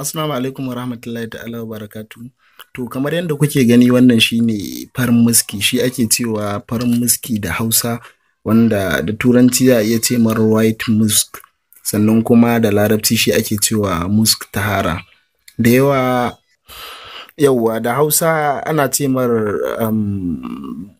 Assalamu alaikum wa rahmatullahi ta'ala wa barakatu. To kamar yadda kuke gani wannan shine farin muski shi ake cewa farin muski da Hausa wanda da turanci za iya ce mar white musk sannan kuma da larabci shi ake cewa musk tahara. Da yawa yauwa da Hausa ana ce mar um,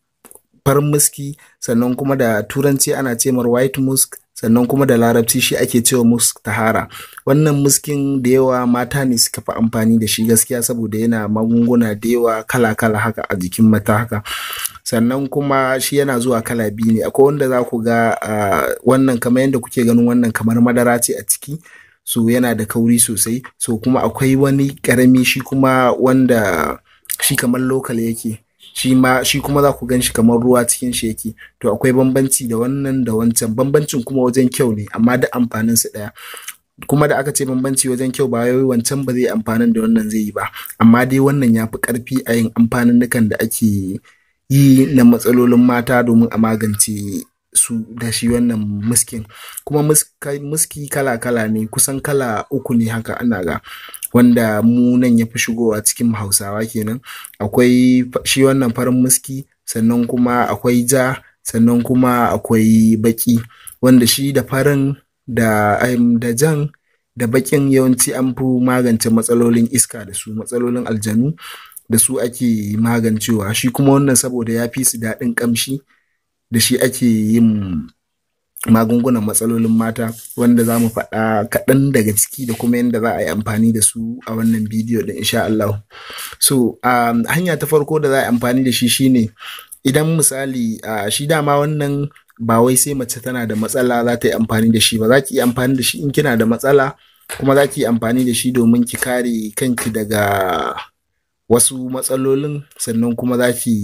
farin muski sannan kuma da turanci ana ce mar white musk sannan kuma da larabci shi ake cewa musk tahara wannan muskin da yawa mata ne suka fi amfani da shi gaskiya saboda yana magunguna da yawa kala-kala haka a jikin mata haka sannan kuma shi yana zuwa kala biyu ne akwai wanda za ku ga wannan kamar yadda kuke ganin wannan kamar madara ce a ciki so yana da kauri sosai so kuma akwai wani karami shi kuma wanda shi kamar lokal yake shi ma shi kuma za ku gan shi kamar ruwa cikin shi yake to akwai bambanci da wannan da wancan bambancin kuma wajen kyau ne amma da amfanin su ɗaya kuma da aka ce bambanci wajen kyau ba wai wancan ba zai amfanin da wannan zai yi ba amma dai wannan ya fi ƙarfi a yin amfanin da ake yi na matsalolin mata domin a magance su da shi wannan muskin kuma muski kala-kala ne kusan kala uku ne haka ana ga wanda mu nan ya fi shigowa cikin hausawa kenan akwai shi wannan farin muski sannan kuma akwai ja sannan kuma akwai baki wanda shi da farin da da jan da bakin yawanci an fi magance matsalolin iska da su matsalolin aljanu da su ake magancewa shi kuma wannan saboda ya fi su daɗin ƙamshi da shi ake yin magungunan matsalolin mata wanda za mu faɗa kaɗan daga ciki da kuma yadda za a yi amfani da su a wannan bidiyo da insha Allah. So, um, hanya ta farko da za a yi amfani da shi shine idan misali uh, shi dama wannan ba wai sai mace tana da matsala za ta yi amfani da shi ba za ki yi amfani da shi in kina da matsala kuma za ki yi amfani da shi domin ki kare kanki daga wasu matsalolin sannan kuma za ki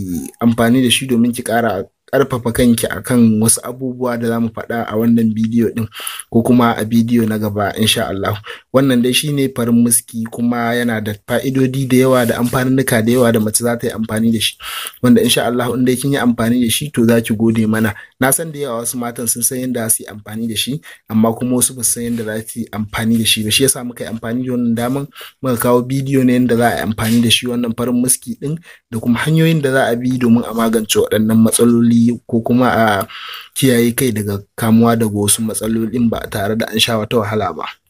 amfani da shi domin ki kara karfafa kanki a kan wasu abubuwa da za mu faɗa a wannan bidiyo ɗin ko kuma a bidiyo na gaba insha Allah wannan dai shine farin muski kuma yana da fa'idodi da yawa da amfaninnuka da yawa da mace za ta yi amfani da shi wanda insha Allah in dai kin yi amfani da shi to za ki gode mana na san da yawa wasu matan sun san yadda su yi amfani da shi amma kuma wasu ba su san yadda za su yi amfani da shi ba shi yasa muka yi amfani da wannan daman muka kawo bidiyo ne yadda za a yi amfani da shi wannan farin muski ɗin da kuma hanyoyin da za a bi domin a magance waɗannan matsaloli hankali ko kuma a kiyaye kai daga kamuwa daga wasu matsalolin ba tare da an sha wata wahala ba.